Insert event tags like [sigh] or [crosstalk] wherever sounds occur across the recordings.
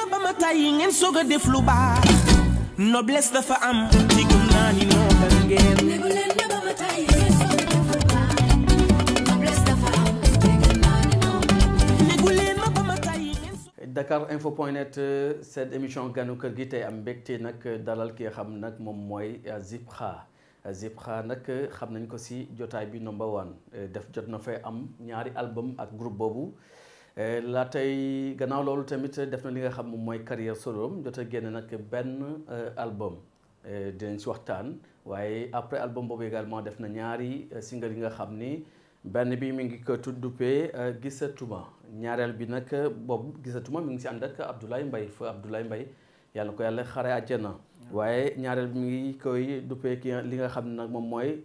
ma ba ma tàyyi ngeen soog a def lu baax noblesse dafa am ci gëm naa ni noobal ngeen Dakar Info point net seen émission ganu kër gi tey am mbégte nag dalal ki nga xam nag moom mooy Zipra Zipra nag xam nañ ko si jotaay bi number one def jot na fay am ñaari album ak groupe boobu Eh, laa tey gannaaw loolu tamit def na li nga xam moom mooy carrière solo jot a génn nag benn eh, album eh, dinañ si waxtaan waaye après album boobu également def na ñaari single yi nga xam ni benn bi mi ngi ko tuddupe gisatuma ñaareel bi nag boobu gisatuma mi ngi si ànd ak Abdoulaye Mbaye fa Abdoulaye mbay yàlla ko yàlla xare àjjana waaye ñaareel bi mi ngi koy duppee ki li nga xam ne nag moom mooy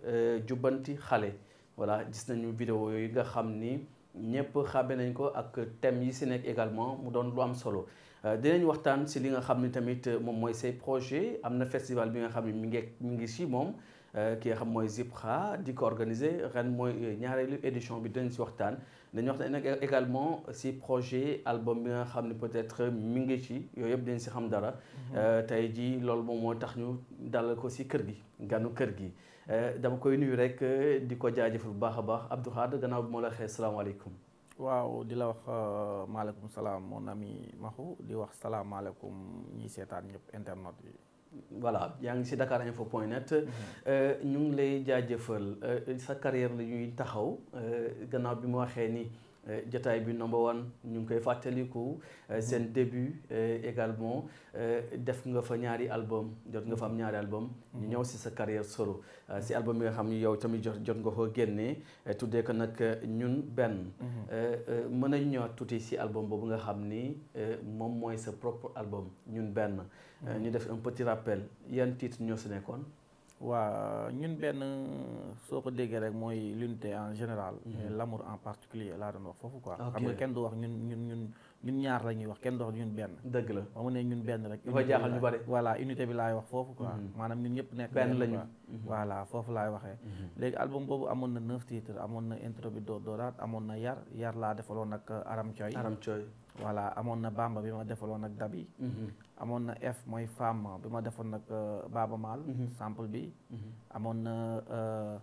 jubbanti xale voilà gis nañu vidéo yi nga xam ni ñëpp xàbbe nañ ko ak thème yi si nekk également mu doon lu am solo euh, dinañ waxtaan si li nga xam ni tamit euh, moom mooy say projet am na festival bi nga xam ni mi ngi mi ngi si moom euh, ki nga xam mooy ZIPRA di ko organiser ren mooy ñaareelu édition bi dinañ si waxtaan dañu waxtaan nag également si projet album bi nga xam ne peut-être mi ngi si yooyu yëpp dinañ si xam dara mhm. tey jii loolu moom moo tax ñu dalal ko si kër gi ganu kër gi Eh, dama koy nuyu rek eh, di ko jaajëfal bu baax a baax Abdou Khadre gannaaw bi moo la waxee salaamaaleykum. waaw di la wax eh, maaleykum salaam mon ami Maxu di wax salaamaaleykum ñi seetaan ñëpp internet yi. voilà yaa ngi si dakarinfo.net mhm. ñu ngi lay jaajëfal sa carrière la ñuy taxaw gannaaw bi mu waxee nii Euh, jataay bi number one ñu ngi koy fàttaliku euh, seen début euh, également def nga fa ñaari album jot nga fa am ñaari album ñu ñëw si sa carrière solo si album yi nga xam ni yow tamit jot jot nga ko génnee tuddee ko nag ñun benn mhm. mën nañu ñëwaat tuuti si album boobu nga xam ni moom mooy sa propre album ñun benn mhm. ñu def un petit rappel yan titre ñoo si nekkoon waaw ñun benn soo ko déggee rek mooy l'unité en général. Mhm. l'amour en particulier laa doon wax foofu quoi. xam nga kenn du wax ñun ñun ñun ñun ñaar la ñuy wax kenn du wax ñun benn. dëgg la ba mu ne ñun benn rek. dafa jaaxal ñu bari voilà unité bi laay wax foofu quoi. Mhm. maanaam ñun ñëpp nekk benn lañu. Mhm. voilà foofu laay waxee. léegi album boobu amoon na neuf titres amoon na intro bi dooraat amoon na yar yar laa defaloon ak Aram Thioy. Aram Thioy. voilà amoon na bamba bi ma defaloon ak dab yi mhm. amoon na f mooy femme bi ma defoon nag euh, Baaba Maal mhm. sample bi mhm. amoon na euh,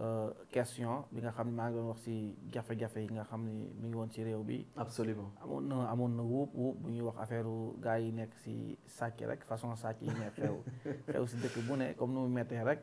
euh, question bi nga xam ne maa ngi wax si jafe-jafe yi nga xam ne mi ngi woon si réew bi absolument amoon na amoon na wuub wuub bu ñuy wax affaire gars yi nekk si sàcc rek façon sàcc yi nekk xew [laughs] xew si dëkk bu ne comme nu mu mettee rek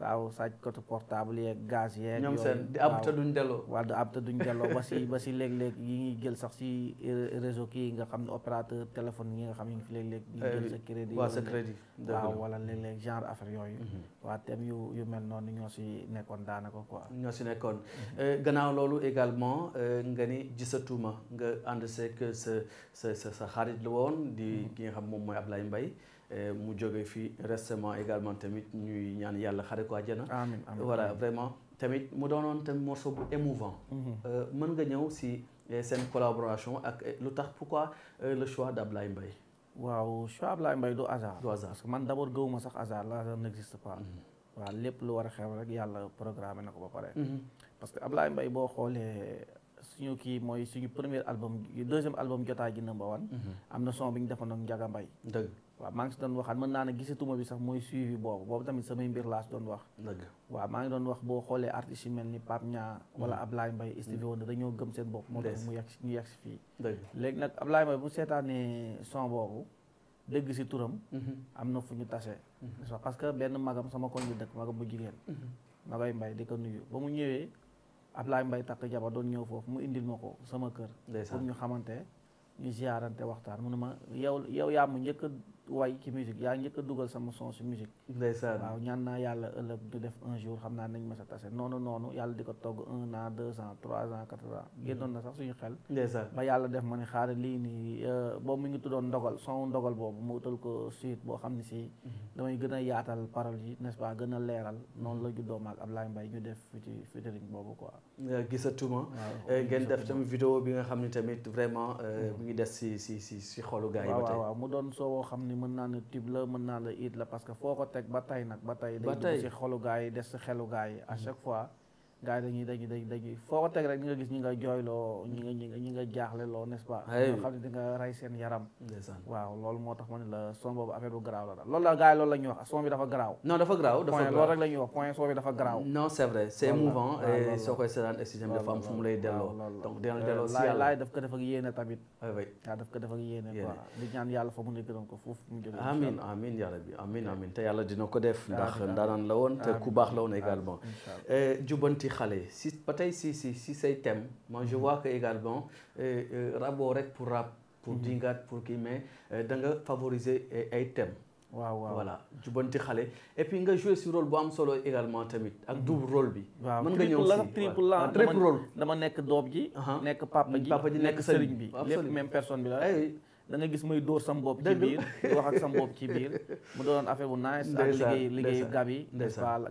aw saaw sàccukatu portable yeeg gaz yeeg. ñoom seen di ab te duñ delloo. waaw di ab te duñ delloo ba si ba si léeg-léeg yi ñuy jël sax si réseau kii nga xam ne opérateur téléphone yi nga xam ne ñu fi léeg-léeg. di jël sa crédit waaw sa crédit. waaw wala léeg-léeg genre affaire yooyu. Mhm. waa thème yu yu mel noonu ñoo si nekkoon daanaka quoi. ñoo si nekkoon mhm. euh, gannaaw loolu également euh, nga ni gisatuma nga ànd seeg sa sa sa xarit la woon di mhm. ki nga xam moom mooy Ablaye Mbaye. Euh, mu jóge fii récemment également tamit ñuy ñaan yàlla xare ko àjjana amiin amiin voilà vraiment tamit mu doonoon tamit morceau bu émouvant mhm. euh, mën nga ñëw si euh, seen collaboration ak lu tax quoi le choix d' Ablaye mbay waaw choix Ablaye Mbaye du hasard du hasard man d' abord gëwuma sax hasard la hasard n' existe pas mhm. waaw lépp lu war a xew rek yàlla programmé na ko ba pare mhm. parce que Ablaye mbay boo xoolee su suñu kii mooy suñu premier album deuxième album jotaay ji number one am na son bi ñu defoon ak Njaga waaw maa ngi si doon waxaat mën naa ne gisatuma bi sax mooy suivi boobu boobu tamit samay mbir laa si doon wax dëgg waaw maa ngi doon wax boo xoolee artistes yi mel ni Pape Niang wala mm. Ablaye Mbaye Stevie mm. Wonder dañoo gëm seen bopp moo tax mu yegg ñu léegi nag Ablaye Mbaye bu seetaanee son boobu dëgg si turam mm-hmm. am na fu ñu tase mm-hmm. parce que benn magam sama koñ bi dëkk magam bu jigéen mm-hmm. ma koy mbay di ko nuyu ba mu ñëwee Ablaye mbay takk jabar doon ñëw foofu mu indil ma ko sama kër pour ñu xamante ñu ziyaarante waxtaan mu ne ma yow yow yaa mu njëkk way ci musique yaa njëkk a dugal sama son si musique ndeysaan waaw ñaan naa yàlla ëllëg du def un jour xam naa nañ ma tase noonu noonu yàlla di ko togg un an deux ans trois ans quatre ans mm-hmm. génnoon na sax suñu xel ndeysaan ba yàlla def ma ne xaar lii nii euh, boobu mu ngi tuddoon ndogal son ndogal boobu mu utal ko suite boo xam ne si mm-hmm. damay gën a yaatal paral yi n'est-ce pas gën a leeral noonu la juddoo am Ablaye Mbaye ñu def fi ci featuring boobu quoi euh, gisatuma ngeen def tamit vidéo bi nga xam ne tamit vraiment euh, mm-hmm. mi ngi des si si si si xolu gars waaw mu doon soo xam ne mën naa la tib la mën naa it la parce que foo ko teg ba tey nag ba tey day dugg si xolu gaa yi des si xelu gaa yi à fois gars yi dañuy dañuy dañuy foo ko teg rek ñi nga gis ñi nga jooyloo ñi nga jaaxle loo nest pas nga xam ne di nga rey seen yaram waaw loolu moo tax ma ne la son boobu affaire bu garaaw la daal loolu la gars yi loolu la ñuy wax son bi dafa garaaw non dafa garaaw dafa garaaw loolu rek la ñuy wax point son bi dafa garaaw non c'est vrai c'est émouvant et lay delloo euh, ko def ak yéene tamit ah, waaw daf ko def ak yéene te yàlla dina ko def ndax ndaanaan la woon te ku baax la woon également eh, jubanti si xale si ba tey si si si say thème moi je mm-hmm. vois que également euh, euh, raboo rek pour rab pour mm-hmm. dingaat pour kii mais euh, da nga favoriser ay thèmes waaw waaw voilà jubanti xale et puis nga joué si rôle bu am solo également tamit ak mm-hmm. double rôle bi. waaw mën nga ñëw si triple la triple dama nekk doob ji. nekk papa ji nekk sëriñ bi lépp même personne bi la. Eh da gis muy dóor sam bopp ci biir di wax ak sam bopp doon affaire bu nice ak liggéeyu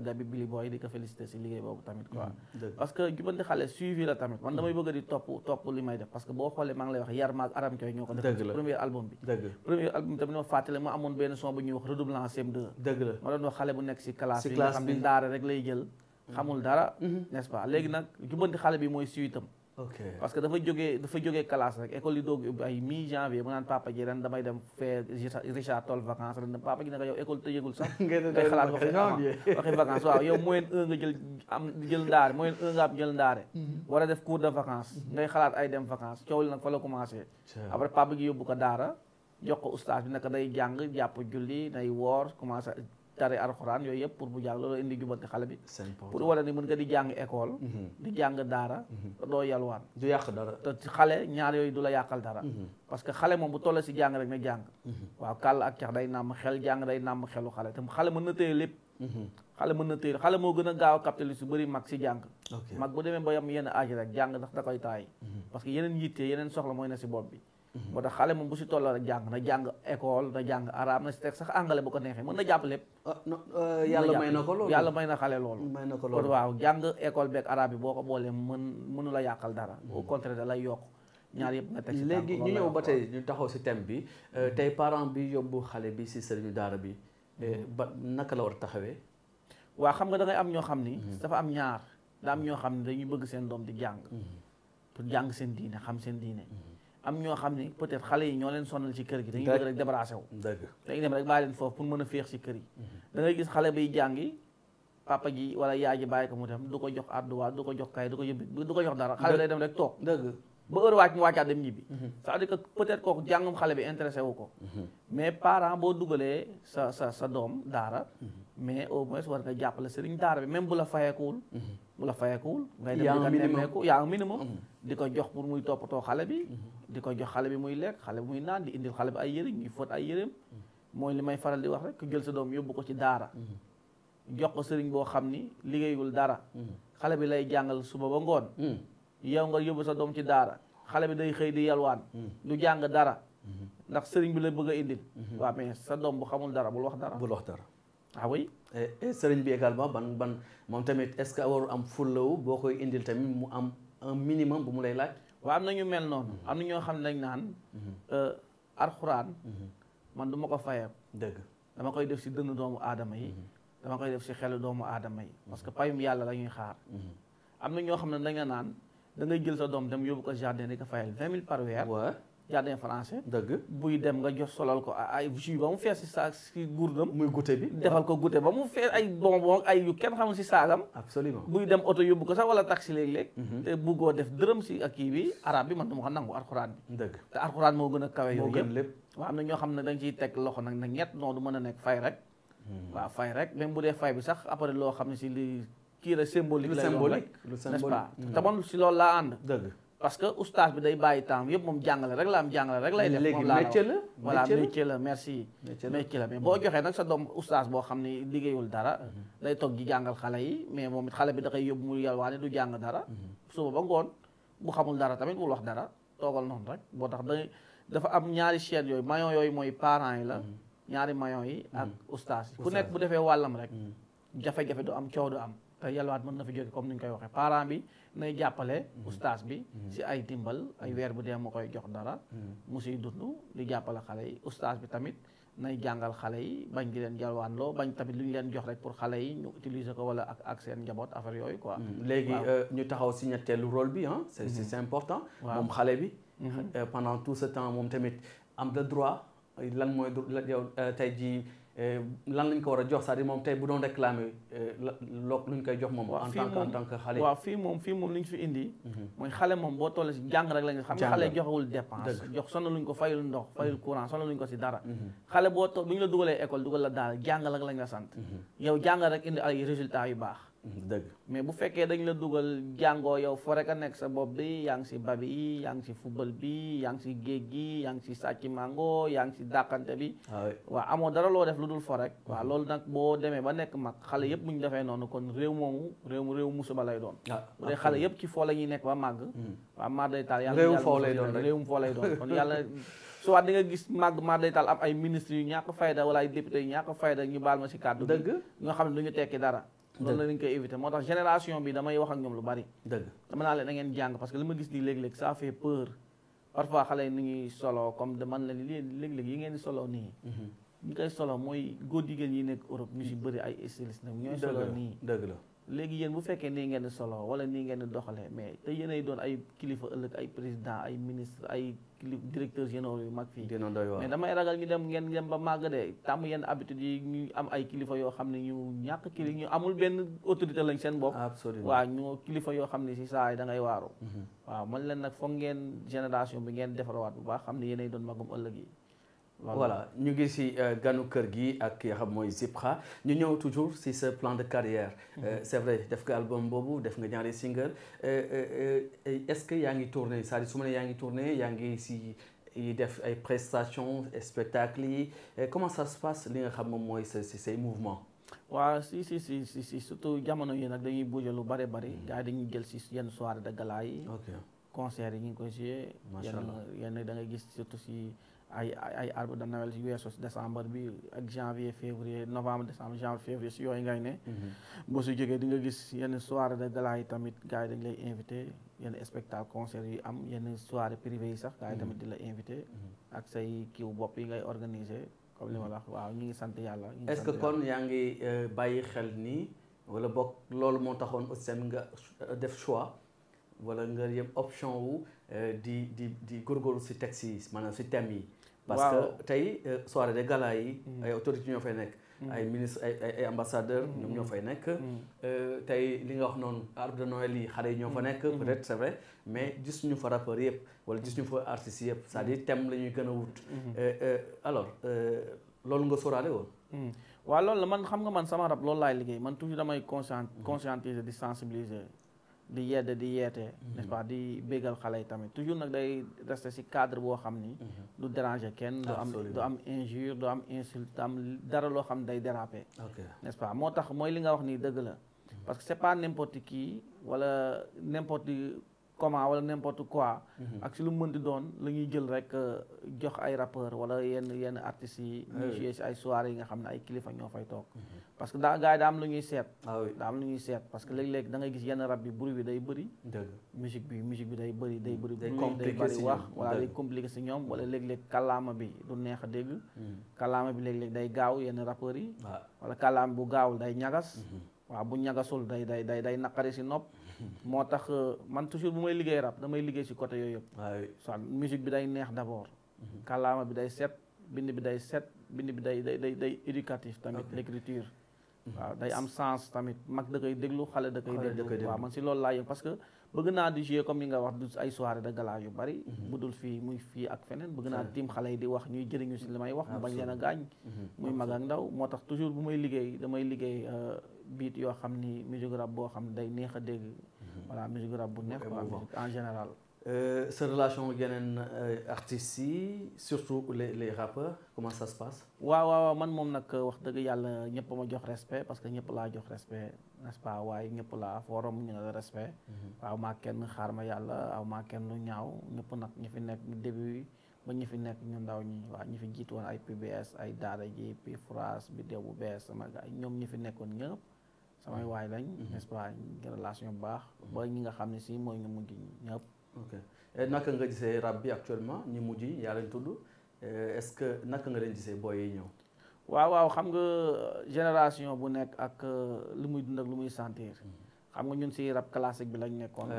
Gabi Billy Boy di ko si liggéey boobu tamit mm, parce que Jubanti Xale suivi la tamit man damay mm. bëgg di topp topp li may def parce que boo xoolee maa lay wax yar maag aram coy ñoo ko def premier premier album bi tamit ma fàttale ma amoon benn son bu ñuy wax redoublant CM2 dëgg ma doon wax xale bu nekk si classe yi nga xam ne daara rek lay jël mm. xamul dara mm-hmm. nest léegi nag Jubanti Xale bi mooy suitam parce que dafa jógee dafa jógee classe rek école yi doog ay mi janvier mu naan papa ji ren damay dem fee Richard Toll vacances ren papa ji naka yow école waxi [laughs] waxi [laughs] waaw yow moyenne un jël ndaare moyenne un am jël ndaare mhm. war a def cours de vacances mhm. ngay xalaat ay dem vacances coow li nag fa la commencé après papa julli day woor commencé tari alxuraan yooyu yëpp pour mu jàng loolu indi jubanti xale bi pour wala ni mën nga di jàng école mhm. di jàng daara mhm. doo yalwaan du yàq dara te xale ñaar yooyu du la yàqal dara mhm. parce que xale moom bu toll si jàng rek ne jàng waaw kàll ak cax day nàmm xel jàng day nàmm xelu xale te xale mën na téye lépp xale moo gën a gaaw a capté lu bëri mag si jàng mag bu demee ba yam yenn âge rek jàng da koy taay parce que yeneen yitte yeneen soxla mooy ne si bopp bi Mm-hmm. moo tax xale moom bu si tolloo rek na jàng école na jàng arabe sax anglais bu neexee mën na jàpp lépp. Ah, euh, yàlla may na ko yàlla may na xale loolu. may na ko loolu waaw jàng école beeg araab bi boo ko boolee mën mënu la yàqal dara. boo mm-hmm. contraire da lay yokk ñaar yëpp nga teg si léegi ñu ñëw ba tey ñu taxaw si thème bi euh, mm-hmm. tey parent bi yóbbu xale bi si sëriñu daara bi euh, ba naka la war a taxawee. waa xam nga da am ñoo xam ni. dafa am ñaar da am ñoo xam ne dañuy bëgg seen doom di jàng. pour jàng seen diine xam seen diine. am ñoo xam ni peut xale yi ñoo leen sonal ci kër gi dañuy bëgg rek débarrassé wu dañuy dem rek bàyyi leen foofu pour mën a féex ci kër yi mhm. da gis xale biy jàngi papa ji wala yaay ji bàyyi ko mu dem du ko jox àdduwaat du ko jox kay du ko yëbbi du ko jox dara xale lay dem rek toog dëgg ba heure wàcc mu wàccaat dem ñibbi mhm. c'est-à-dire xale bi intéressé wu ko mhm. mais parent boo dugalee sa sa sa doom daara mais au moins war nga jàppale sëriñ daara bi même bu la fayeekuwul bu la fayeekuwul ngay dem di nemmeeku yaa ngi mhm. di ko jox pour muy toppatoo xale bi mhm. di ko jox xale bi muy lekk xale bi muy naan di indil xale bi ay yëre ñuy fóot ay yëreem mhm. mooy li may faral di wax rek jël sa doom yóbbu ko ci daara jox ko sëriñ boo xam ni liggéeyul dara xale bi lay jàngal suba ba ngoon yow nga yóbbu sa doom ci daara xale bi day xëy di yalwaan du jàng dara ndax sëriñ bi la bëgg a indil waaw mais sa doom bu xamul dara bul wax dara bul wax dara ah oui et sëriñ bi également ban ban moom tamit est-ce que waru am fullawu boo koy indil tamit mu am un minimum bu mu lay laaj. waaw am na ñu mel noonu. Mm-hmm. am na ñoo xam ne dañ naan. Mm-hmm. Euh, alxuraan. Mm-hmm. man du ma ko fayam. dëgg dama koy def si dënn doomu aadama yi. dama koy def si xelu doomu aadama yi. parce que payum yàlla la ñuy xaar. am na ñoo xam ne dañ naan da ngay jël sa doom dem yóbbu ko jardin di ko fayal vingt mille par weer. jardin français. dëgg buy dem nga jox solal ko ay jus ba mu fees si saag si gurdam muy goûté bi defal ko goûté ba mu fees ay bonbon ay yu kenn xamul si saagam. absolument buy dem oto yóbbu ko sax wala taxi léeg-léeg. Mhm. te buggoo def dërëm si ak kii bi arab bi man dama ko nangu alxuraan bi. dëgg te alxuraan moo gën a kawe yooyu yëpp moo gën am na ñoo xam ne dañ ciy teg loxo nag nag ñett noonu du mën a nekk fay rek. Hmm. waaw fay rek même bu dee fay bi sax après loo xam ne si li kii la symbolique. lu symbolique lu symbolique n'est-ce pas te si loolu laa ànd dëgg parce que oustaz bi day bàyyi temps yëpp moom jàngale rek la am jàngale rek lay def moom laa métier la voilà métier la merci métier la mais boo joxee nag sa doom oustaz boo xam ne liggéeyul dara mhm. day toog di jàngal xale yi mais moom it xale bi da koy yóbbu mu yalwaane du jàng dara mhm. suba ba ngoon bu xamul dara tamit wul wax dara toogal noonu rek boo tax da dafa am ñaari chaîne yooyu maillon yooyu mooy parents yi la mhm. ñaari maillon yi ak oustaz yi ku nekk bu defee wàllam rek jafe-jafe du am coow du am te yalwaat mën na fi jóge comme ni ñu koy waxee parent bi nay jàppale mhm. ustaas bi mhm. si ay dimbal ay mhm. weer bu dee moo koy jox dara mu siy dund di jàppale xale yi ustaas bi tamit nay jàngal xale yi bañ gi leen jalwaan loo bañ tamit lu ñu leen jox rek pour xale yi ñu utiliser ko wala ak ak seen njaboot affaire yooyu quoi léegi euh, ñu taxaw si ñetteelu rôle bi ah c'est c'est important moom xale bi euh, pendant tout ce temps moom tamit am na droit lan mooy yow euh, tey Euh, lan lañ ko war a jox c'est-à-dire moom tey bu doon réclamer euh, loo luñ koy jox moom. en tant que en xale. fii moom fii moom li ñu indi. Mhm. mooy xale moom boo tollee si jàng rek lañ la sant. Mhm. yow jàng rek indi ay résultats yu baax. dëgg mais bu fekkee dañ la dugal jàngoo yow foo a nekk sa bopp bi yaa ngi si babi yi yaa ngi si football bi yaa ngi si géej gi yaa ngi si sàcc mango yaa ngi si dàqante bi ah waaw amoo dara loo def lu dul fo mm-hmm. waa loolu nag boo demee ba nekk mag xale yëpp bu ñu defee noonu kon réew moomu réew réew musuba lay doon ah, bu dee xale yëpp ci foo la ñuy nekk ba màgg mm-hmm. waaw maar day taal yàlla réewum foo lay doon réewum foo lay doon kon yàlla soit di nga gis màgg maar day ay ministres yu ñàkk fayda wala ay députés yu ñàkk fayda ñu si kàddu dëgg ñoo xam ne dara lool la ñu koy éviter moo tax génération bi damay wax ak ñoom lu bari. dëgg dama naa leen jàng parce que li ma gis nii léeg-léeg ça fait peur parfois xale yi ni solo comme de man la li léeg-léeg yi ngeen di solo nii. Mhm. ñu koy solo mooy góor jigéen yi nekk Europe ñu si mhm. bëri ay stylistes ñooy solo nii la. léegi yéen bu fekkee nii ngeen di solo wala nii ngeen di doxalee mais te yéenay doon ay kilifa ëllëg ay président ay ministre ay kilifa directeurs généraux yu mag fii mais damay ragal ñu dem ngeen dem ba màgg de tàmm yenn habitude yi ñu am ay kilifa yoo xam ne ñu ñàkk kili ñu amul benn autorité lañ seen bopp waa ñu kilifa yoo xam ne si saa yi da ngay waaru mhm. waaw man leen nag foog ngeen génération bi ngeen defarawaat bu baax xam ne yéenay doon magum ëllëg yi voilà ñu ngi si euh, ganu kër gi ak yoo xam mooy Zipra ñu ñëw toujours si sa plan de carrière. Mhm. Euh, c' est vrai def nga album boobu def nga ñaari single euh, est ce que yaa ngi tourné cest à su ma ne yaa ngi tourné yaa ngi si def ay prestation spectacle yi comment ça se li nga xam moom mooy sa si say mouvement. waa si si si si si surtout jamono yi nag dañuy bouger lu bare bari mhm. gars yi dañuy jël si yenn soirée de gala yi. concert yi ñu ngi koy joué. macha yenn da ngay gis surtout si. ay ay arbre de Noël yu weesu décembre bi ak janvier février novembre décembre janvier février si yooyu ngay ne mhm. boo si jógee di nga gis yenn soirée de gala yi tamit gars yi dañ lay invité yenn spectacle concert yu am yenn soirée privée yi sax gars mhm. tamit di la invité mhm. ak say kiw bopp yi ngay organiser comme li ma la waaw ñu ngi sant yàlla est-ce que kon yaa ngi euh, bàyyi xel nii wala bokk loolu moo taxoon aussi tamit nga euh, def choix wala nga yëpp option wu euh, di di di góorgóorlu si texte yi maanaam si yi parce que tey euh, soirée de gala yi. Mm. ay autorités ñoo fay nekk. Mm. ay ministre ay ay ambassadeurs. Mm. ñoom ñoo fay nekk. Euh, tey li nga wax noonu arbre de Noël yi xale yi ñoo fa nekk. peut-être c'est mais gis ñu fa rappeurs yëpp wala gis ñu fa artistes yëpp c'est-à-dire thème la ñuy gën a wut. Euh, alors loolu nga sóoraale woon. waaw loolu la man xam nga man sama rab loolu laay liggéey man toujours damay conscient conscientiser di sensibiliser. di yedd di yeete. Mhm. nest pas di bégal xale yi tamit toujours nag day rester ci cadre boo xam ni. Mhm. du déranger kenn du am du am injure du am insulte du am dara loo xam day déraper. n'est-ce pas moo tax mooy li nga wax nii dëgg la. Mhm. parce que c'est pas n'importe qui wala n'importe comment wala n'importe quoi. Mhm. ak si lu mu mënti doon la ñuy jël rek euh, jox ay rappeurs wala yenn yenn artistes yi. Ah ñuy joué si ay soirées yi nga xam ne ay kilifa ñoo fay toog. Mhm. parce que daa gars daa am lu ñuy seet. Ah daa am lu ñuy seet parce que léeg-léeg da ngay gis yenn rab bi bruit bi day bëri. musique bi musique bi day bëri day mhm. bëri. day compliqué si wax wala day compliqué si ñoom wala léeg-léeg kàllaama bi du neex a dégg. kàllaama bi léeg-léeg day gaaw yenn rappeurs yi. Ah. wala kàllaama bu gaawul day ñagas. waaw bu ñagasul day day day day naqari si nopp [laughs] moo tax euh, man toujours bu may liggéey rap damay liggéey si côté yooyu yëpp soit musique bi day neex d' abord mhm. kàllaama bi day set bind bi day set bind bi day day day day éducatif tamit l' écriture mhm. waaw day am sens tamit mag da koy déglu xale da koy déglu waaw man si lool laa parce que bëgg naa di jouer comme ni nga wax du ay soirée de gala yu bari mhm. bu dul fii muy fii ak feneen bëgg naa tiim xale yi di wax ñuy jëriñu si li may wax mu bañ leen a gaañ muy moo tax toujours bu may liggéey damay liggéey euh, biit yoo xam ni musique rap boo xam day neex a dégg. Mhm. voilà musique rab bu neex quoi en général. Euh, sa relation ak yeneen euh, artistes yi surtout les les rappeurs comment ça se waaw man moom nag wax dëgg yàlla ñëpp ma jox respect parce que ñëpp laa jox respect n'est-ce waaye ñëpp laa forum ñu ne la respect. Mhm. waaw maa kenn xaar ma yàlla aw maa kenn lu ñaaw ñëpp nag ñi fi nekk début yi ba ñi fi nekk ñu ndaw ñi waaw ñi fi jiit woon ay PBS ay Daara ji P France bi bu bees sama gars ñoom ñi fi nekkoon ñëpp. samay mm-hmm. waay lañ. Mm-hmm. n'est-ce relation bu baax. Mm-hmm. ba ñi nga xam ne si mooy ñu mujj ñëpp. Eh, naka nga gisee rab bi actuellement ñu mujj yaa lañ tudd eh, est-ce que naka nga leen gisee booy yi ñëw. waaw waaw xam nga euh, génération bu nekk ak euh, lu muy dund ak lu muy sentir. am nga ñun si rab classique bi lañ nekkoon.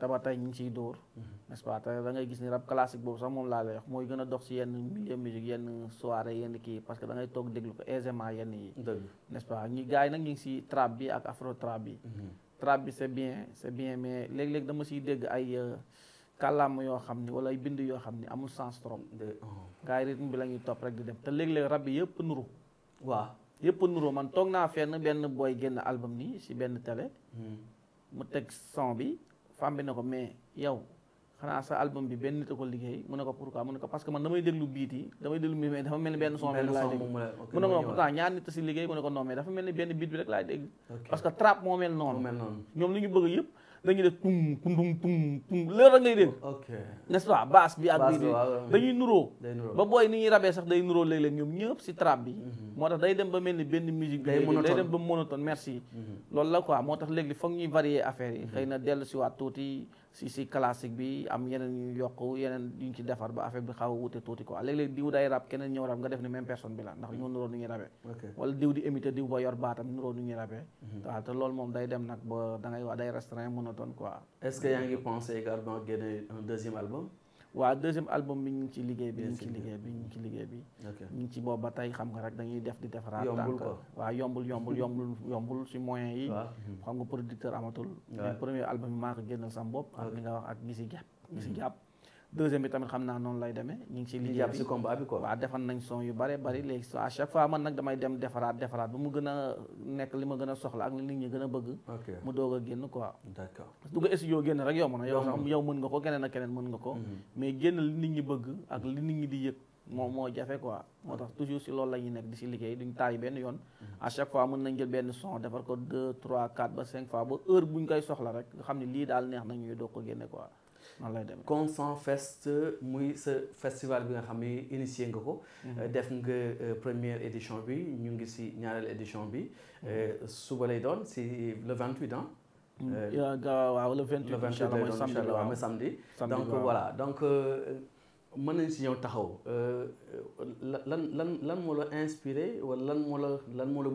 taba tey ñu ngi siy dóor. Mhm. n'est-ce pas te da gis ni rab classique boobu sax moom laa lay wax mooy gën a dox si yenn milieu musique yenn soirée yenn kii parce que da ngay toog déglu ko aisément yenn yi. n'est-ce pas nag ñu ngi si trap bi ak afro trap bi. Mhm. trap bi c'est bien c'est bien mais léeg-léeg dama siy dégg ay euh, kàllaama yoo xam ni wala ay bind yoo xam ni amul sens trop. Oh. gars yi rythme bi la ñuy topp rek di dem te léeg-léeg rab bi yëpp nuru. waaw yëpp nuroo man toog naa fenn benn booy génn album nii si benn télé. Hmm. mu teg son bi femme bi ne ko mais yow xanaa sa album bi benn nit a ko liggéey mu ne ko pourquoi mu ne ko parce man damay déglu biit yi damay déglu biit mais dafa mel ni benn son bi rek laay dégg mu ne ko pourtant ñaar dafa mel ni benn biit bi rek laay dégg parce que trap moo mel noonu ñoom li ñu bëgg yëpp dañuy def tum tum tum tum leer rek ngay dégg. ok n'est-ce pas baas bi ak. bi dañuy nuroo. ba booy ni ñuy rabee sax day nuroo léeg-léeg ñoom ñëpp si trap bi. Mhm. moo tax day dem ba mel ni benn musique bi. day dem ba monotone merci. Mhm. loolu la quoi moo tax léegi foog ñuy varier affaire yi mhm. xëy na dellu si waat tuuti si si classique bi am yeneen ñu yokk yeneen ñu ci defar ba affaire bi xaw a wute tuuti quoi léeg-léeg diw day rab keneen ñëw rab nga def ni même person bi la ndax ñoo nuroo nu ñuy rabee wala diw di imité diw ba yor baatam nuroo nu ñuy rabee mhm. waaw te loolu moom day dem nag ba da ngay wax day restreint monotone quoi est-ce que yaa ngi pensé également génne un waaw deuxième album bi ñu ngi ci liggéey bi ñu ngi ci liggéey bi ñu ngi ci liggéey bi ñu ngi ci boobu ba tey xam nga rek dañuy def di defaraat donc waa yombul yombul yombul yombul si moyen yi xam nga producteur amatul premier album yi maa ko génnal sama bopp ak li nga wax ak gisi jàpp si jàpp deuxième bi tamit xam naa noonu lay demee ñu ngi ci liggéey bi jàpp ci combat bi quoi waaw defar nañ son yu bare bari léegi so à chaque fois man nag damay dem defaraat defaraat ba mu gën a nekk li ma gën a soxla ak li nit ñi gën a bëgg mu doog génn quoi d'accord du rek yow man yow sax yow mën nga ko keneen ak keneen mën nga ko mm-hmm. mais génn li nit ñi ak li nit di yëg moom moo jafe quoi moo tax toujours si loolu la ñuy nekk di si liggéey duñ taay benn yoon mm-hmm. à chaque fois mën nañ jël benn son defar ko deux trois quatre ba cinq fois ba heure buñ koy soxla rek nga xam ne lii daal neex nañuy doog ko génne quoi Consent Fest muy sa festival bi nga xam ne initié nga ko mhm. euh, def nga euh, première édition bi ñu ngi si ñaareel édition bi mhm. euh, suba lay doon si le 28 mm. ans waaw le 28 incha allah mooy samedi donc voilà donc mën nañ si ñëw taxaw lan lan lan moo la inspiré wala lan moo la lan moo la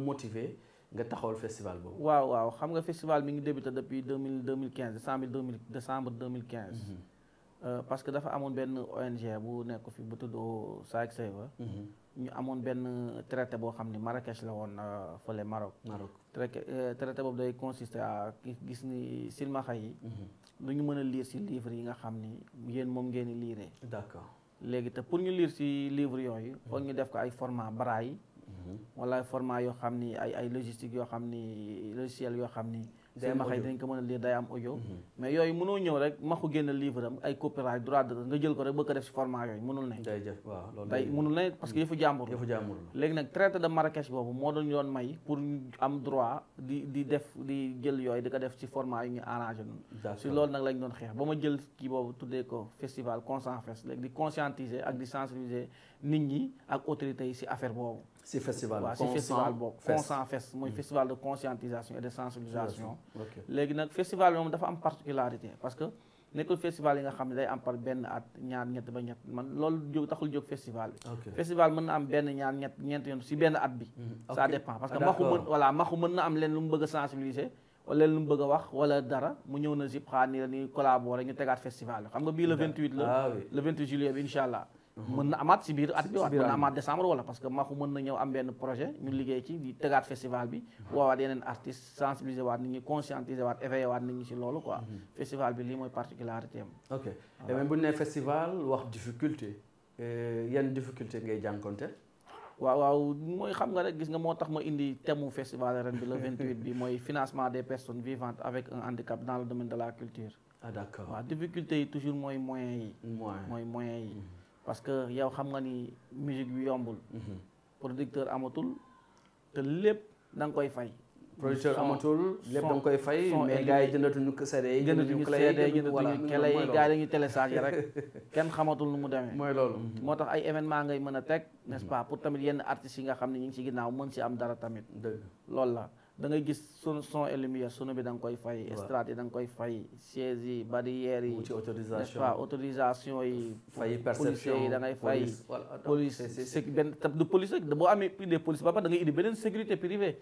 nga taxawal festival boobu. waaw waaw xam nga festival mi ngi débuté depuis deux mille deux mille quinze décembre deux mille décembre deux mhm. euh, parce que dafa amoon benn ONG bu nekk fi bu tudd Saag Seyba. Mhm. ñu amoon benn traité boo xam ne Marrakech la woon euh, fële Maroc. Maroc euh, traité boobu day consister à gis ni silmaxa yi. lu mhm. ñu mën a lire si livre yi nga xam ni yéen moom ngeen di liiree. d'accord léegi te pour ñu lire si livre yooyu. foog ñu def ko ay format braille. wala format yoo xam ni ay ay logistique yoo xam ni logiciel yoo xam ni day ma dañ ko mën a lire day am audio mm-hmm. mais yooyu mënoo ñëw rek maxu génn livre am ay copyright droit de nga jël ko rek bëgg ko def si format yooyu mënul ne tey mënul ne parce que yëfu jàmbur léegi nag traité de Marrakech boobu moo doon yoon may pour am droit di di def di jël yooyu di ko def si format yu ñu arrangé noonu si loolu nag lañu doon xeex ba ma jël kii boobu tuddee ko festival Consent di conscientiser ak di sensibiliser nit ñi ak autorités yi si affaire boobu si festival waaw si festival boobu Consent Fest mooy mm. festival de conscientisation et de sensibilisation léegi nag festival bi dafa am particularité parce que nekkul festival yi nga xam ne day am par benn at ñaar ñett ba ñett man loolu jóg taxul jóg festival bi festival mën na am benn ñaar ñet ñeent yoon si benn at bi mm-hmm. ça dépend parce que ah, maxu mën na am leen lu mu bëgg a sensibiliser wala lu mu bëgg wax wala dara mu ñëw na zip xaar ni la ñuy collaborer nga bii le 28 la ah le 28 juillet bi mën na mhm. amaat si biir at bi waat mën na décembre wala parce que maxu mën na ñëw am benn projet ñu liggéey ci di tëgaat festival bi mhm. woowaat yeneen artiste sensibiliser waat nit ñi conscientiser waat loolu quoi mhm. festival bi lii mooy particularité am ok et même bu ñu nee festival euh, ngay jànkonte waaw waaw mooy xam nga rek gis nga moo tax ma indi thème festival ren bi le 28 [laughs] bi mooy financement des personnes vivantes avec un handicap dans le domaine de la culture. ah d'accord waaw difficulté yi toujours mooy moyens yi. mooy moyens yi. parce que yow xam nga ni musique bi yombul. Mhm. producteur amatul te lépp da nga koy fay. producteur amatul lépp da nga koy fay mais gars yi jëndatuñu CD yi. jëndatuñu CD yi jëndatuñu kele yi gars yi dañuy téléchargé rek [laughs] kenn xamatul nu mu demee. mooy loolu. Mhm. moo tax ay événement ngay mën a teg n'est-ce mhm. pour tamit yenn artistes yi nga xam ne ñu ngi ci ginnaaw mën si am dara tamit. lool la. da ngay gis son son et lumière bi da nga koy fay. estrade yi da nga koy fay siège yi barrières yi. autorisation n'est-ce pas autorisation yi. yi da ngay fay. police c'est benn tab du police rek boo amee des police ba pare da ngay indi beneen sécurité privée.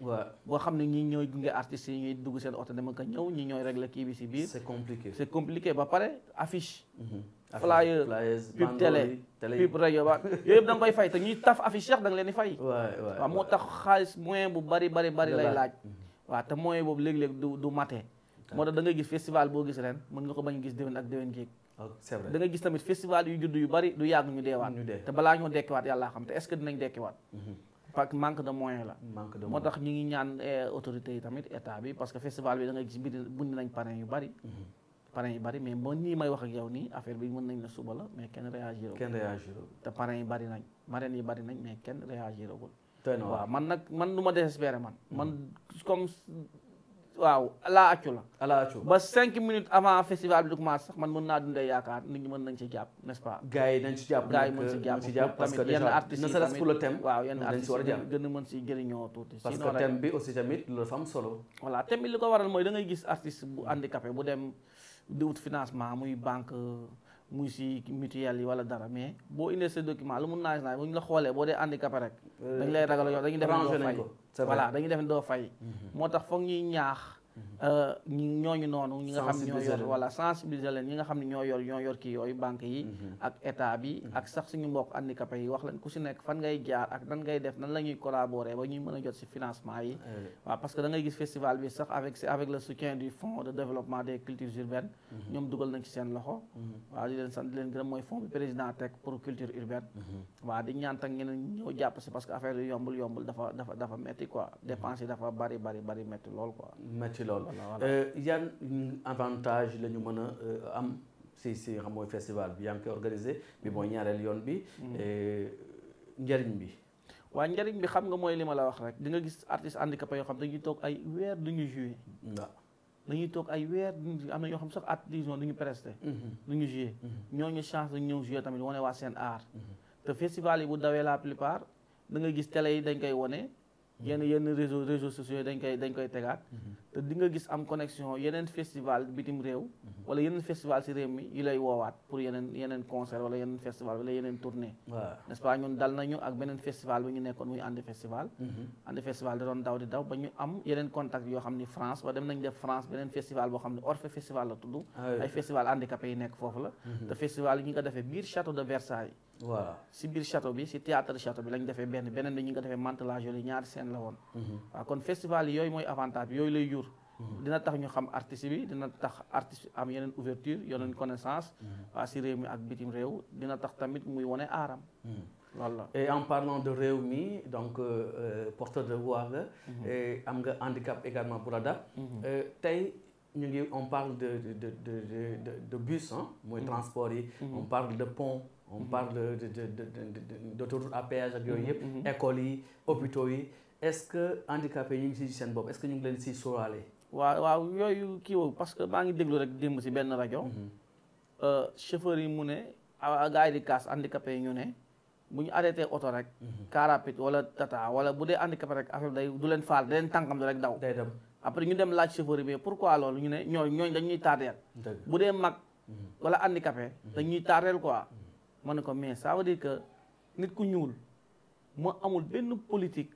boo xam ne ñii ñooy gunge artistes yi ñuy dugg seen oto dama ko ñëw ñii ñooy régler kii bi si biir. c'est compliqué c'est compliqué ba pare affiche. Mhm. flyers pub télé pub rajo ba [laughs] yooyu yëpp nga koy fay te ñuy taf affiche Cheikh da leen fay waaw moo tax xaalis moyen bu bari bari bari lay laaj mhm. waaw te moyen boobu léeg-léeg du du mate moo tax da nga gis festival boo gis ren mën nga ko bañ gis déwén ak déwén géeg c'est vrai da gis tamit festival yu judd yu bari du yàgg ñu deewaat te balaa ñoo dekkiwaat yàllaa xam te est-ce que dinañ dekkiwaat mhm. parce que manque de moyen ngi ñaan eh, autorité yi tamit état bi parce que festival bi da gis mbir bundi nañ parrain yu bari mhm. parrain yi bari mais ba ñii may wax nii affaire bi mën nañ ne suba la mais kenn réagir kenn réagir te parrain yi bari nañ marraine yi bari nañ mais kenn réagiragul waaw man nag man du ma man hmm. man comme waaw alaa accu la ba cinq minutes avant festival bi di commencé sax man naa dundee yaakaar nit ñi mën nañ ci jàpp n'est-ce pas gars si jàpp si yenn artistes yi tamit yenn artistes yi gën a mën si jëriñoo tuuti parce que thème bi aussi tamit loolu dafa am solo voilà thème ko waral mooy da gis artiste bu hmm. handicapé bu dem di wut financement muy banque muy si mutuelle yi wala dara mais boo indee sa document lu mun naa naa bu ñu la xoolee boo dee handicapé rek. dañ lay ragal yow dañuy def ne doo fay voilà dañuy def ne doo fay. moo tax foog ñuy ñaax. Mhm. Euh, ñooñu noonu ñi nga xam ne ñoo yor voilà leen ñi nga xam ne ñoo yor ñoo yor kii yooyu banque yi mhm. ak état bi mhm. ak sax suñu mbokk handicapé yi wax leen ku si nekk fan ngay jaar ak nan ngay def nan la ñuy collaborer ba ñuy mën a jot si financement yi eh waaw parce que dangay ngay gis festival bi sax avec avec le soutien du fonds de développement des cultures urbaines mhm. ñoom dugal nañ ci seen loxo waaw di leen sant di leen gërëm mooy fonds bi président teg pour culture urbaine waaw di ñaan ngeen ñëw jàpp si parce que affaire yi yombul yombul dafa dafa dafa métti quoi dépense yi dafa bari bari bari métti lool quoi métti lool Euh, yan avantage la ñu mën a euh, am si si xam mooy festival bi yaa ngi koy bi mooy ñaareel yoon bi mm. euh, njëriñ bi waa njëriñ bi xam nga mooy li ma la wax rek di nga gis artiste handicapé yoo xam dañuy toog ay weer du ñu joué waaw dañuy toog ay weer duñu am na ñoo xam sax at disons du ñu presté mm-hmm. du ñu joué mm-hmm. ñooñu chance dañ ñëw joué tamit wone waa seen art mm-hmm. te festival yi bu dawee la plupart da nga gis télé yi dañ koy wone yenn yenn réseau réseau sociaux yi dañ koy dañ koy tegaat te di gis am connexion yeneen festival bitim réew mhm. wala yeneen festival si réew mi yi lay woowaat pour yeneen concert wala yeneen festival wala yeneen tournée n'est-ce pas ñun dal nañu festival bi ñu nekkoon muy ànd festival ànd mhm. festival da doon daw di daw ba ñu yeneen festival boo xam ne Orphée festival la ah festival handicapé yi nekk mhm. defee biir château de Versailles waaw si biir château bi si théâtre château bi lañ defee benn bi ñu ko defee mantelage yooyu ñaari scène la dina tax ñu xam artiste bi dina tax artiste am yeneen ouverture yeneen connaissance waa si réew mi ak bitim réew dina tax tamit muy wane aaram voilà en parlant de réew mi donc euh, porteur de voix nga am nga handicap également bu la dab tey ñu ngi on parle de de de de de bus ah mooy transport yi on parle de pont on parle de de de d'autoroute à péage ak yooyu yëpp écoles yi hôpitaux yi est-ce que handicapés ñu ngi si seen bopp est-ce que ñu ngi leen si sóoraale waaw waaw yooyu kii woowu parce que maa ngi déglu rek démb si benn rajo. Mhm. Euh, chauffeur yi mu ne ah, ah, gars yi di kaas handicapé yi ñu ne bu ñu arrêté oto rek. Mhm. car rapide tata wala bu dee handicapé rek affaire day du leen faal da leen tànkam rek daw. day dem après ñu dem laaj chauffeur pour pourquoi loolu ñu ne ñooñu ñooñu dañuy tardeel. bu dee mag mhm. wala handicapé dañuy tardeel quoi. ma ne ko mais ça veut dire que nit ku ñuul moo amul benn politique.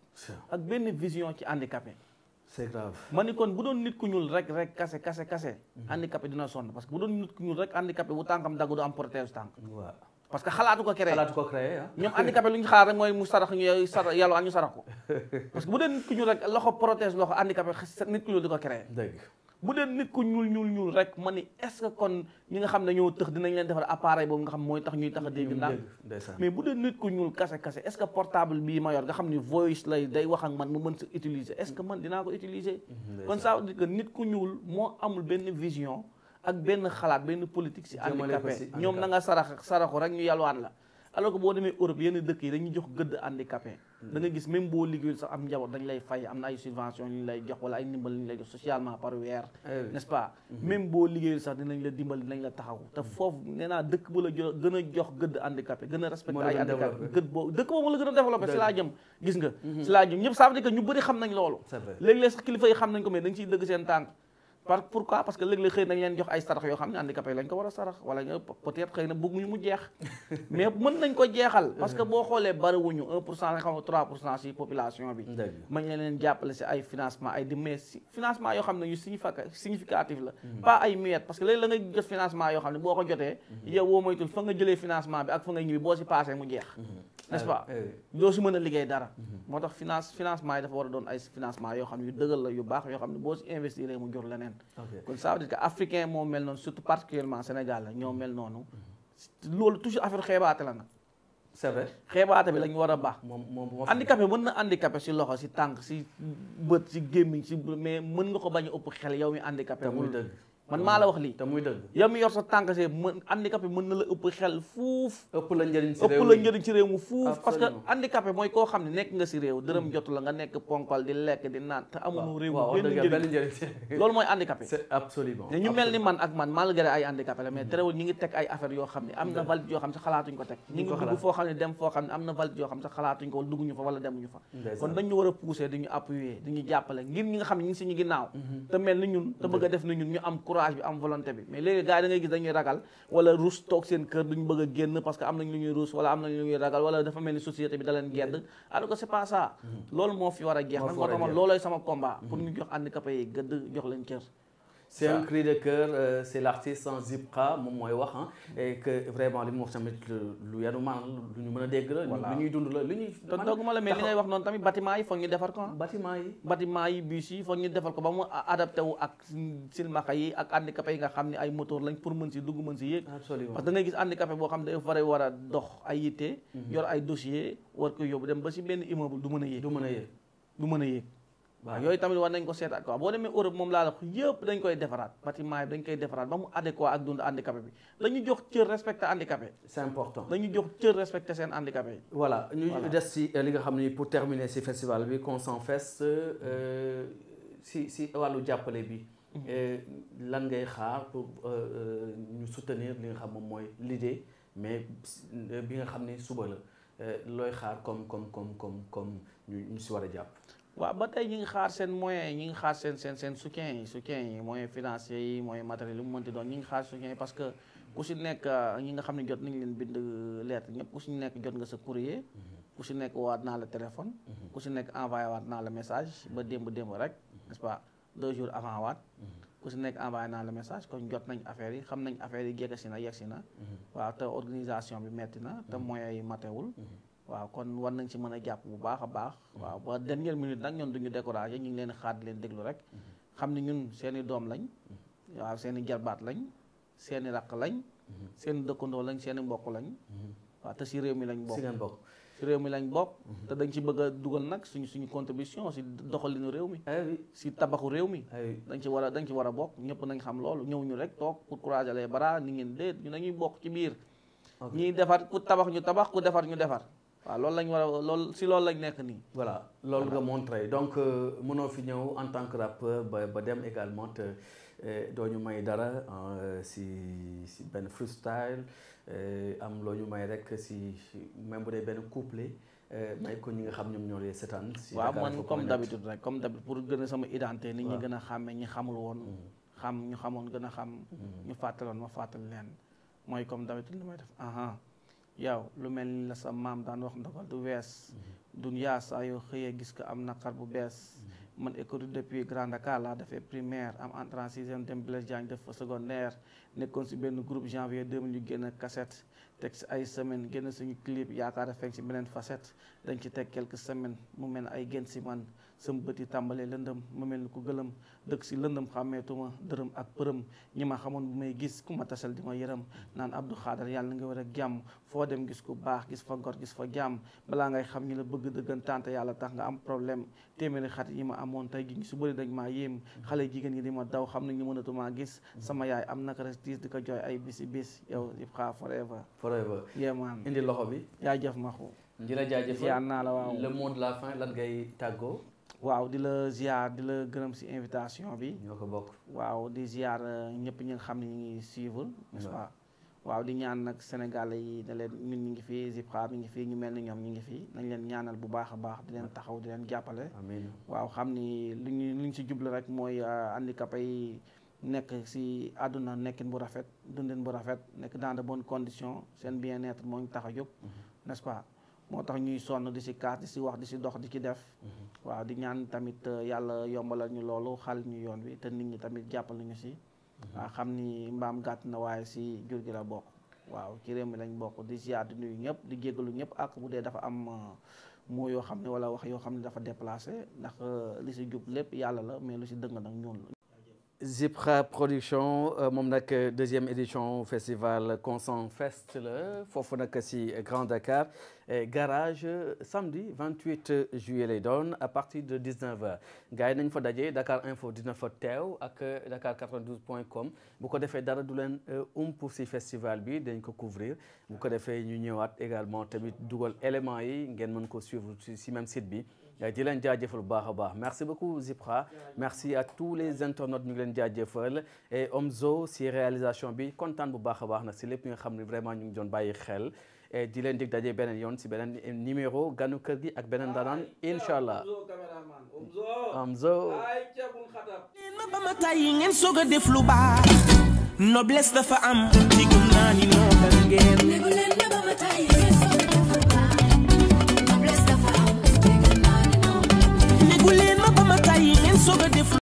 ak benn vision ci àndi handicapé. c'est grave ma ni kon bu doon nit ku ñuul rek rek kase kase kase. Mhm. handicapé dina sonn parce que bu doon nit ku ñuul rek handicapé bu tànkam dagg du am prothèse tànk. parce que xalaatu ko créé. xalaatu ko créé ah. ñoom lu ñu xaar rek mooy mu sarax ñu sarax yàlla ñu sarax ko [laughs] parce que bu doon nit ku ñuul rek loxo prothèse loxo handicapé nit ku ñuul di ko créé. bu dee nit ku ñuul ñuul ñuul rek ma ni est-ce que kon ñi nga xam ne ñoo tëx dinañ leen defar appareil boobu nga xam mooy tax ñuy tax a dégg daal mais bu nit ku ñuul kase kase est-ce que portable bii ma yor nga xam ni voice lay day wax ak man mu mën sa utiliser est-ce que man dinaa ko utiliser kon ça veut dire nit ku ñuul moo amul benn vision ak benn xalaat benn politique si handicapé ñoom na nga sarax saraxu rek ñu yalwaan la alors boo demee Europe yenn dëkk yi dañuy jox gëdd handicapé da nga gis même boo liggéeyul sax am njaboot dañ lay fay am na ay subvention ñu lay jox wala ay ndimbal ñu lay jox par weer ah n'est-ce pas mhm. même boo liggéeyul sax dinañ la la taxaw te foofu nee naa dëkk bu la jo gën a jox gëdd handicapé gën a respecté ay handicapé gëdd boo dëkk boobu la gën a développé si laa jëm gis nga mhm. si laa jëm ñëpp ça veut dire que ñu bëri xam nañ loolu léegi-léeg sax kilifa yi xam nañ ko mais dañ ciy dëgg seen tànk par pourquoi parce que léeg-léeg xëy nañ leen jox ay sarax yoo xam ne handicapé yi lañ ko war a sarax wala nga peut xëy na bëgguñu mu jeex [laughs] mais mën nañ ko jeexal [laughs] parce que boo xoolee bariwuñu un pour cent nga xam ne trois pour cent si population bi mañ leen leen jàppale si ay financement ay di mais si financement yoo xam ne yu significatif la mhm. pas ay muette parce que léegi la nga jot financement yoo xam ne boo ko jotee mhm. yow woo moytul fa nga jëlee financement ak fa nga ñibbi boo si passé mu n'est-ce euh, pas euh, doo si mën a liggéey dara mhm. moo tax finance financement yi dafa war a doon ay financement yoo xam ne yu dëggal la yu baax yoo xam ne boo si investir mu jur leneen kon ça veut dire que africain moo mel noonu surtout particulièrement Sénégal la ñoo mel noonu mhm. loolu toujours affaire xeebaate la nag xeebaate bi lañu war a baax moom moom handicapé mën na handicapé si loxo si tànk si bët si gémmiñ si mais mën nga ko bañ a ëpp xel yow mi handicapé muy dëgg man maa la wax lii te yor sa tànk see mën handicapé mën na la ëpp xel fuuf ëpp la njëriñ si réew ëpp fuuf parce que handicapé mooy koo xam ne nekk nga si réew dërëm jotu la nga nekk ponkal di lekk di naan te amuñu réew mooy handicapé absolument ñu mel ni man ak man malgré ay handicapé la mais terewul ñi ngi teg ay affaire yoo xam ne am na valide yoo xam ne xalaatuñ ko teg ñi ngi dugg foo xam ne dem foo xam ne am na valide yoo xam ne xalaatuñ ko wala a mm-hmm. a courage bi am volonté bi mais léegi gars yi da ngay gis dañuy ragal wala ruus toog seen kër duñ bëgg a génn parce que am nañ lu ñuy ruus wala am nañ lu ñuy ragal wala dafa mel ni société bi da leen gedd alors que c'est mm-hmm. loolu moo fi war a jeex man a tax man loolooy sama combat pour mm-hmm. ñu jox handicapé yi gëdd jox leen cër c'est un cri de cœur euh, c'est l'artiste sans Zipra moom mooy wax ah. et que vraiment li mu wax tamit lu yanu maanaam lu ñu mën a dégg la. lu ñuy dund la lu ñuy. dooguma la mais li ngay wax noonu tamit bâtiment yi foog ñu defar ko ah. bâtiment yi bâtiment yi bus yi foog ñu defar ko ba mu adapté ak silmaxa yi ak handicapé yi nga xam ne ay moteur lañ pour mën si dugg mën si yéeg. absolument parce que da ngay gis handicapé boo xam ne dafa war a dox ay yitte. Mhm. yor ay dossier war ko yóbbu dem ba si benn immeuble du mën a yéeg. du mën a yéeg du mën a waaw yooyu tamit war nañ ko seetaat quoi boo demee Europe moom laa la wax yëpp dañ koy defaraat bâtiment yi dañ koy defaraat ba mu adéquat ak dund handicapé bi dañu jox cër respecte handicapé c'est important dañu jox cër respecté seen handicapé yi voilà ñu des si euh, li nga xam ni pour terminer si festival bi Consent Fest si euh, si wàllu jàppale bi mm-hmm. euh, lan ngay xaar pour ñu soutenir li nga xam moom mooy l'idée mais bi nga xam ne suba la looy xaar comme comme comme comme si war a jàpp waaw ba tey ñi ngi xaar seen moyens yi ñi ngi xaar seen seen seen soutien yi soutien yi mooy financiers yi moyens matériels yi mu mënti doon ñi ngi xaar soutien yi parce que ku si nekk ah, ñi nga xam ne jot nañ leen bind euh, lettre ñëpp ku si nekk jot nga sa courrier mhm. ku si nekk waat naa la téléphone mhm. ku si nekk envoyé waat naa la message ba démb démb rek mhm. n'est-ce pas deux jours avant waat ku si nekk envoyé naa la message kon jot nañ affaire yi xam nañ affaire yi gékka si na yegg na waaw te organisation bi metti na te moyens yi matewul waaw kon war nañ ci mën a jàpp bu baax a baax mm-hmm. waaw ba dernière minute nag ñoon duñu découragé ñu ngi leen xaat leen déglu rek mm-hmm. xam ne ñun seeni doom lañ mm-hmm. waaw seen i jarbaat lañ seen i raq lañ seen dëkkandoo lañ seen i mbokk lañ waaw te si réew mi lañ bokk si réew mi lañ bokk te dañ ci bëgg a dugal nag suñu suñu contribution si doxalinu réew mi si eh tabaxu réew mi eh dañ ci war a dañ ci war a bokk ñëpp nañ xam loolu ñëw ñu rek toog pour courager les baraa ni ngeen déet ñu nañuy bokk ci biir ñuy defar ku tabax ñu tabax defar ñu defar waaw loolu lañ war a loolu si loolu lañ nekk nii. voilà loolu nga montré donc euh, mënoo fi ñëw en tant que rappeur ba ba dem également te euh, doo ñu may dara euh, si si benn freestyle am loo ñu may rek si même bu dee benn couplet may ko ñi nga xam ñoom ñoo lee seetaan. si waaw man comme d'habitude rek comme d'habitude pour gën a sama identité. nit ñi gën a xàmmee ñi xamul woon. Mm. xam ñu xamoon gën a xam. Mm. ñu fàttaloon ma fàttal leen mooy comme d'habitude li may def. yow lu mel ni la sa maam daan wax ndogal du wees mm-hmm. duniyaa saa yoo xëyee gis ko am naqar bu bees mm-hmm. man école depuis Grand Dakar laa defee primaire am entrée en sixième dem Blaise Diagne def fa secondaire nekkoon si benn groupe janvier 2000 ñu génn cassette teg si ay semaine génn suñu clip yaakaar a feeñ si beneen facette dañ ci teg quelques semaines mu mel ay gën si man sam bët yi tàmbalee lëndëm ma mel ni ku gëlëm dëkk si lëndëm xàmmeetuma dërëm ak përëm ñi ma xamoon bu may gis ku ma tasal di ma yërëm naan Abdou Xaadar yàlla na nga war a jàmm foo dem gis ku baax gis fa gor gis fa jàmm balaa ngay xam ñi la bëgg dëggantaan te yàlla tax nga am problème téeméeri xat yi ma amoon tey gi su bëri dañ maa yéem xale jigéen ñi di ma daw xam nañu mënatumaa gis sama yaay am naka restis di ko jooy ay bisi bis yow yëpp forever forever indi loxo bi yaa jëf maxu jërëjëf yaa naa la waaw la mot de la fin lan ngay tàggoo waaw di la ziar di la gërëm si invitation bi. ñoo ko bokk waaw di ziar euh, ñëpp ñi xam ne ñu ngi suivre. n'est-ce waaw di ñaan nag Sénégal yi ne leen ñun ñu ngi fi Zipra mi ngi fi ñu mel ni ñoom ñu ngi fi nañ leen ñaanal bu baax a baax di leen taxaw di leen jàppale. amiin waaw xam ni lu ñu lu si juble rek mooy euh, handicapé yi nekk si àdduna nekkin bu rafet dundin bu rafet nekk dans de bonnes conditions seen bien-être moo tax a jóg. Mm-hmm. n'est-ce moo tax ñuy sonn di si kaas di si wax di si dox di ci def mhm. waaw di ñaan tamit euh, yàlla yombalal ñu loolu xal ñu yoon wi te nit ñi tamit jàppal nañu si mhm. waaw xam ni mbaam gàtt na waaye si jur gi la bokk waaw ci réew mi lañ bokk di ziar di nuyu ñëpp di jéggalu ñëpp àkk bu dee dafa am euh, moo yoo xam ne wala wax yoo xam ne dafa déplacé ndax euh, li si jub lépp yàlla la mais lu si dëng nag ñun Zipra production euh, moom nag euh, deuxième édition festival Consent Fest la foofu nag si Grand Dakar garage euh, samedi 28 juillet lay doon à partir de 19h gars yi nañ fa daje Dakar Info dina fa teew ak Dakar 92 point com bu ko defee dara du leen ump si festival bi dañ ko couvrir bu ko defee ñu ñëwaat également tamit dugal éléments yi ngeen mën ko suivre si même site bi. Euh, di leen jaajëfal bu baax a baax merci beaucoup Zipra merci a tous les internautes ñu ngi leen jaajëfal et Omzo si réalisation bi kontaan bu baax a baax na si lépp nga xam ne vraiment ñu doon bàyyi xel di leen dig daje beneen yoon si beneen numéro ganu kër gi ak benen daanaan incha allah Omzo ba ma lu baax soo ko def